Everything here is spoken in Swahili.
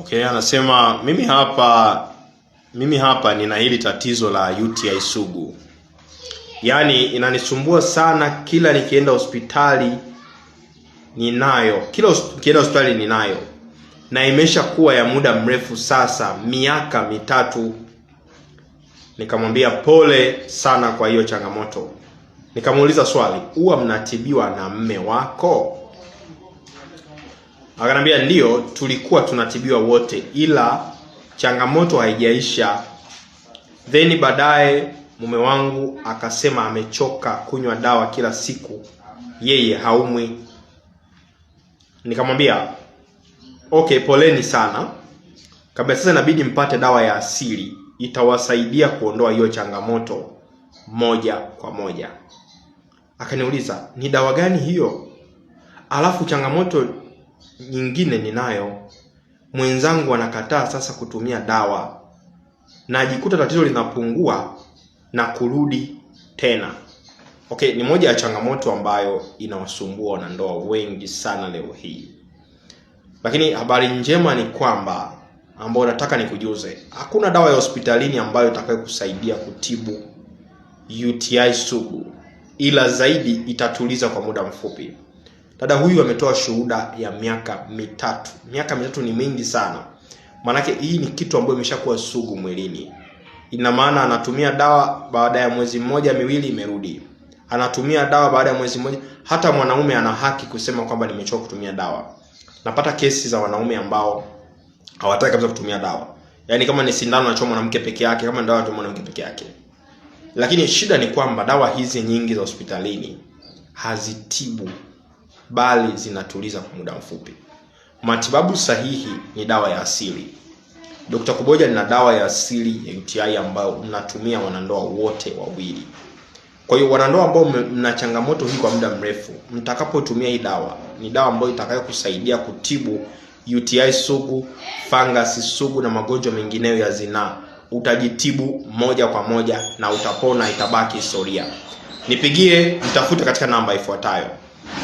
Okay, anasema mimi hapa mimi hapa nina hili tatizo la UTI sugu, yaani inanisumbua sana, kila nikienda hospitali ninayo, kila nikienda hospitali ninayo, na imesha kuwa ya muda mrefu sasa, miaka mitatu. Nikamwambia pole sana kwa hiyo changamoto. Nikamuuliza swali, huwa mnatibiwa na mme wako? Akanambia ndio, tulikuwa tunatibiwa wote, ila changamoto haijaisha. Then baadaye mume wangu akasema amechoka kunywa dawa kila siku, yeye haumwi. Nikamwambia okay, poleni sana. Kabla sasa, inabidi mpate dawa ya asili, itawasaidia kuondoa hiyo changamoto moja kwa moja. Akaniuliza ni dawa gani hiyo, alafu changamoto nyingine ninayo, mwenzangu anakataa sasa kutumia dawa, najikuta tatizo linapungua na kurudi tena. Okay, ni moja ya changamoto ambayo inawasumbua wanandoa wengi sana leo hii, lakini habari njema ni kwamba ambayo nataka nikujuze, hakuna dawa ya hospitalini ambayo itakayokusaidia kutibu UTI sugu, ila zaidi itatuliza kwa muda mfupi. Dada huyu ametoa shuhuda ya miaka mitatu. Miaka mitatu ni mingi sana, maanake hii ni kitu ambayo imeshakuwa sugu mwilini. Ina maana anatumia dawa, baada ya mwezi mmoja miwili imerudi, anatumia dawa baada ya mwezi mmoja. Hata mwanaume ana haki kusema kwamba nimechoka kutumia dawa. Napata kesi za wanaume ambao hawataki kabisa kutumia dawa, yaani kama ni sindano anachoma mwanamke peke yake, kama ni dawa anachoma mwanamke peke yake. Lakini shida ni kwamba dawa hizi nyingi za hospitalini hazitibu bali zinatuliza kwa muda mfupi. Matibabu sahihi ni dawa ya asili. Dr. Kuboja lina dawa ya asili ya UTI ambayo mnatumia wanandoa wote wawili. Kwa hiyo wanandoa ambao mna changamoto hii kwa muda mrefu, mtakapotumia hii dawa, ni dawa ambayo itakayokusaidia kutibu UTI sugu, fangasi sugu na magonjwa mengineyo ya zinaa. Utajitibu moja kwa moja na utapona, itabaki historia. Nipigie, mtafute katika namba ifuatayo